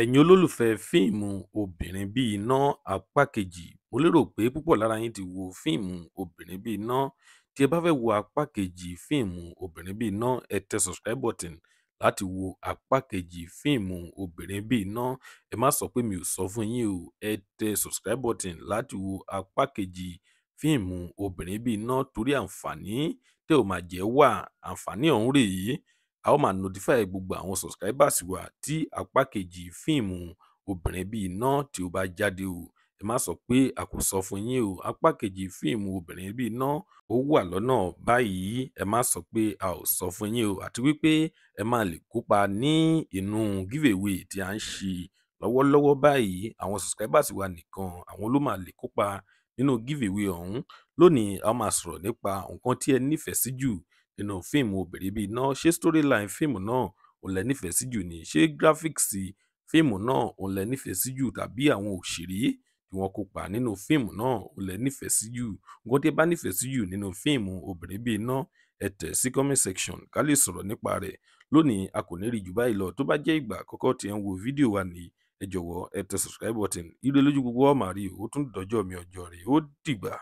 ẹ̀yin olólùfẹ́ fíìmù obìnrin bíi iná apá kejì mo lérò pé púpọ̀ lára yín ti wo fíìmù obìnrin bíi iná tí ẹ bá fẹ́ wo apá kejì fíìmù obìnrin bíi iná ẹ tẹ subscribe button láti wo apá kejì fíìmù obìnrin bíi iná ẹ má sọ pé mi ò sọ fún yín o ẹ tẹ subscribe button láti wo apá kejì fíìmù obìnrin bíi iná torí àǹfààní tẹ́ ò máa jẹ́ wà àǹfààní ọ̀hún rèé a ó máa notify gbogbo àwọn subscribers wa tí apá kejì fíìmù obìnrin bíi iná tí ó bá jáde o ẹ má sọ pé a kò sọ fún yín o apá kejì fíìmù obìnrin bíi iná ó wà lọ́nà báyìí ẹ má sọ pé a ò sọ fún yín o àti wípé ẹ máa lè kópa ní inú giveaway tí a ń ṣe lọ́wọ́lọ́wọ́ báyìí àwọn subscribers wa nìkan àwọn ló máa lè kópa nínú giveaway ọ̀hún lónìí a máa sọ̀rọ̀ nípa nǹkan tí ẹ nífẹ̀ẹ́ sí jù nínú fíìmù Obìnrin Bí Iná, ṣé storyline fíìmù náà òun lẹ nífẹ̀ẹ́ sí jù ni, ṣe gíráfíìksì fíìmù náà òun lẹ nífẹ̀ẹ́ sí jù tàbí àwọn òṣèré tí wọ́n kópa nínú fíìmù náà òun lẹ nífẹ̀ẹ́ sí jù? Nǹkan tí ẹ bá nífẹ̀ẹ́ sí jù nínú fíìmù Obìnrin Bí Iná, ẹ tẹ̀ sí comment section ká lè sọ̀rọ̀ nípa rẹ̀. Lónìí a kò ní rí jù báyìí lọ, tó bá jẹ́ ìgbà àkọ́kọ́ tí ẹ ń wo fídíò wa nìyí, ẹ jọ̀wọ́ ẹ tẹ subscribe button. Ire lójú gbogbo wa máa rí, ó tún dọjọ́ mi ọjọ́ rẹ̀, ó dìgbà.